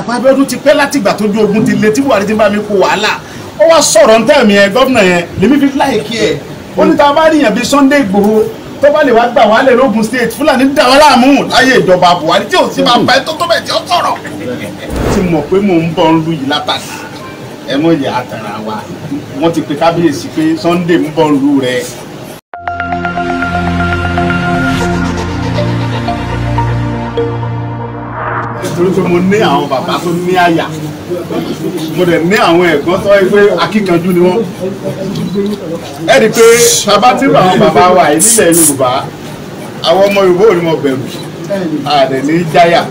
àpá Abíọ́dún ti pẹ́ látìgbà tó ju ogun ti le tí Buhari ti bá mi kó wàhálà ó wá sọ̀rọ̀ ń tẹ̀mí ẹ gọ́vnà yẹn lèmi fi láìkí ẹ̀ ó ní ta bá ríyàn bíi Sunday Igboho tó bá lè wá gbà wálé lógun state Fúlàní dà wọ́n láàmú láyé ìjọba Buhari tí ò sí máa pa ẹ tó tó bẹ̀ tí ó sọ̀rọ̀ ti mọ̀ pé mò ń bọ̀ ń lu yìí látàkì ẹ mọ̀ yà á wa wọ́n ti pe kábíyèsí pé Sunday ń bọ̀ ń lu rẹ̀ mo ní àwọn bàbá tó ní àyà mo dẹ̀ ní àwọn ẹ̀gbọ́n tó pé akíkanjú ni wọ́n ẹ rí i pé bàbá tí àwọn bàbá wa yìí nílẹ̀ Yorùbá àwọn ọmọ Yorùbá ò ní mọ bẹ̀rù àdẹ̀ ní jáyà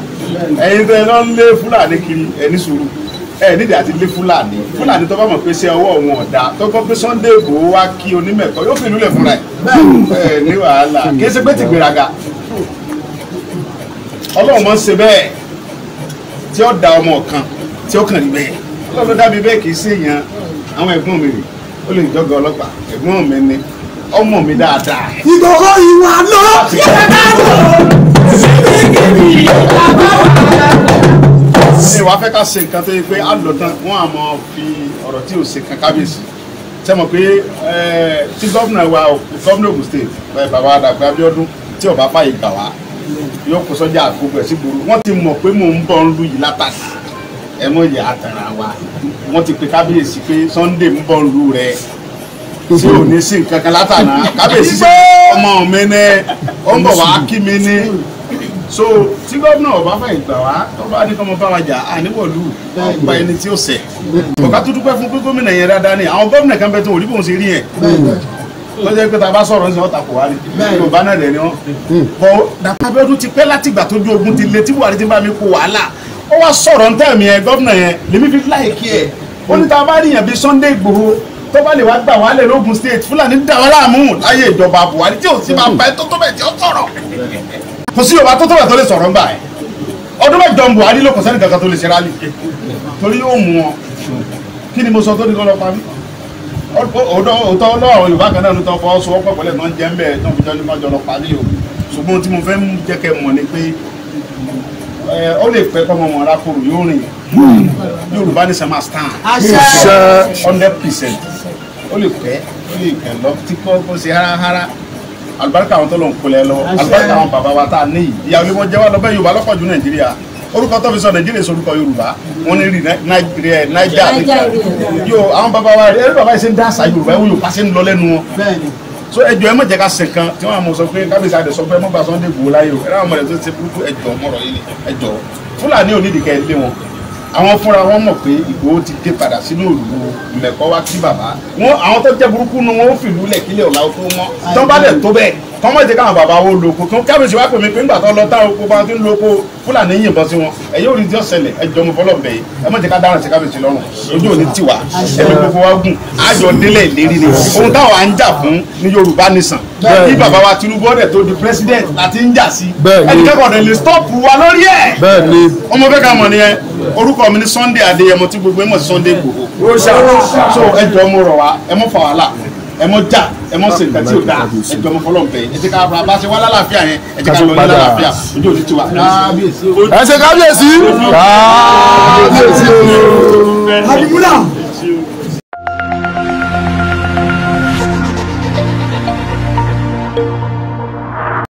ẹ̀yin tẹ́ lọ ń lé Fúlàní kiri ẹni sùúrù ẹ nídìí àti lé fúlàní fúlàní tó bá mọ̀ pé ṣe ọwọ́ wọn ọ̀dà tó gbọ́ pé Sunday Igboho wá kí onímẹ̀kọ́ yóò fi ìlúlẹ̀ fúnra ẹ̀ ní wàhálà kí ẹ ṣe pé ti gbéraga ọlọ́run mọ̀ ń ṣe bẹ́ẹ̀ tí ó da ọmọ kan tí ó kàn rí bẹ́ẹ̀ ọlọ́run ló dá mi bẹ́ẹ̀ kì í sí èèyàn àwọn ẹ̀gbọ́n mi rè ó lè jọ́gà ọlọ́pàá ẹ̀gbọ́n mi ni ọmọ mi dáadáa. ìgbòho ìwà lọ sí fẹ́ ká ṣe nǹkan tó yẹ pé á lọ tán fi ọ̀rọ̀ tí ò ṣe kan kábíyèsí ṣe mọ̀ pé tí gómìnà wa gómìnà Ògùn state bàbá Dàpọ̀ Abíọ́dún tí ó bá fàyè gbà wá yóò kó sọ́jà àgbègbè sígboro wọ́n ti mọ̀ pé mò ń bọ̀ ń lu yìí látàsí ẹ mọ̀ yẹ àtàrà wa wọ́n ti pe kábíyèsí pé Sunday ń bọ̀ ń lu rẹ̀ tí ò ní sí nǹkan kan látàná kábíyèsí sọ ọmọ mi ní ó ń bọ̀ wá kí mi ní so tí gómìnà ọba fẹ́ gbà wá tó bá ní kọ́mọ bá wa jà á níwọ̀lú ọgbà ẹni tí ó ṣẹ̀ ọ̀ká tó dúpẹ́ fún pé gómìnà yẹn dáadáa ni àwọn gómìnà kan bẹ tó òrí bòun ṣe rí yẹn tó jẹ́ pé ta bá sọ̀rọ̀ ní ọ̀tà kò wá ní yorùbá náà dẹ̀ ni wọ́n. Hmm. bọ́ dàpọ̀ abẹ́ọ́dún ti pẹ́ látìgbà tó di ogun ti le tí buhari ti bá mi kó wàhálà ó wá sọ̀rọ̀ ntẹ́ mi yẹn gọ́fìnà yẹn lèmi fi láìkí ẹ̀ ó ní ta bá rí yàn bíi Sunday Igboho tó bá lè wá gbà wálé lógun state fúlàní dà wọ́n láàmú láyé ìjọba buhari tí ò sí máa bá ẹ tó tó bẹ̀ tí ó sọ̀rọ̀ kò sí yorùbá tó tó bẹ̀ tó lè sọ̀rọ̀ ńgbà ẹ̀ ọdún mẹ́jọ ń buhari òótọ́ lọ́wọ́ àwọn Yorùbá kan náà ló tọ́ fọ́ sọ wọ́pọ̀ pẹ̀lẹ́ náà jẹ́ ń bẹ̀ náà fi jọ́ nípa jọ o ṣùgbọ́n tí mo fẹ́ jẹ́ kẹ́ mọ̀ ni pé ó lè pẹ́ kọ́mọ mọ̀ rákòrò yóò rìn Yorùbá ní sẹ́mà stand hundred percent ó lè pẹ́ ó lè pẹ́ lọ tí kò kò sí háráhárá àlùbáríkà àwọn tó lọ ń kulẹ̀ lọ àlùbáríkà àwọn bàbá wa tá a ní ìyàwó ni wọ́n jẹ́ wá lọ bẹ́ẹ̀ Yorùbá lọ́pọ̀ ju Nàìjíríà orúkọ tó fi sọ nàìjíríà sọ orúkọ yorùbá wọn ní rí naija yóò àwọn bàbá wa rí ẹrí bàbá yìí ṣe ń dá àṣà yorùbá ẹwọ yorùbá ṣe ń lọ lẹ́nu wọn so ẹjọ ẹ má jẹ́ ká sìn kan tí wọn àmọ sọ pé kábíyèsí àdè sọ pé mọba sunday gbòó láyé o ẹrọ àwọn ọmọ rẹ tó ṣe burúkú ẹjọ mọrọ yìí ẹjọ fúlàní ò nídìí kẹ ẹ lé wọn àwọn fúnra wọn mọ̀ pé ìgbòho ti dé padà sínú òlù mẹ̀kọ́ wá kí bàbá wọn àwọn tó jẹ́ burúkú nu wọn ó fìlú lẹ̀ kílẹ̀ ọ̀la tó mọ́ tán bá dẹ̀ tó bẹ́ẹ̀ kọ́mọ̀jẹ́ káwọn bàbá wo lóko kí kábíyèsí wá pè mí pé ńgbà tó lọ táwọn oko bá ti ń lóko fúlàní yìnbọn sí wọn ẹ̀yẹ́ òní tí ó ṣẹlẹ̀ ẹjọ́ mo fọlọ́ bẹ̀yẹ ẹ mọ̀ tí ká dáhùn sí kábíyèsí lọ́rùn ojú òní tì wá ẹ̀mí gbogbo wa gùn àjọ délẹ̀ ìlérí ni ohun táwa ń jà fún ní Yorùbá nìsàn bí bàbá wa Tinubu ọ̀dẹ̀ tó di president láti ń jà sí ẹnikẹ́kọ̀ọ́ dẹ̀ lè stop wa lórí ẹ̀ ọmọ bẹ́ẹ̀ ká mọ̀ nìyẹn orúkọ mi ni Sunday Adéyẹmọ tí gbogbo ẹ̀ mọ̀ sí Sunday Igboho so mo rọ̀ wá ẹ mọ̀ fà wàhálà ẹ mọ já ẹ mọ sèǹtà tí o da ẹ jọmọ fọlọ nbẹ ẹ ti ká fara bá ṣe wá lálàáfíà yẹn ẹ ti ká lọ ní lálàáfíà ojú òní tiwa. ẹ ṣe kábíyèsí kábíyèsí o. àdìmúlà.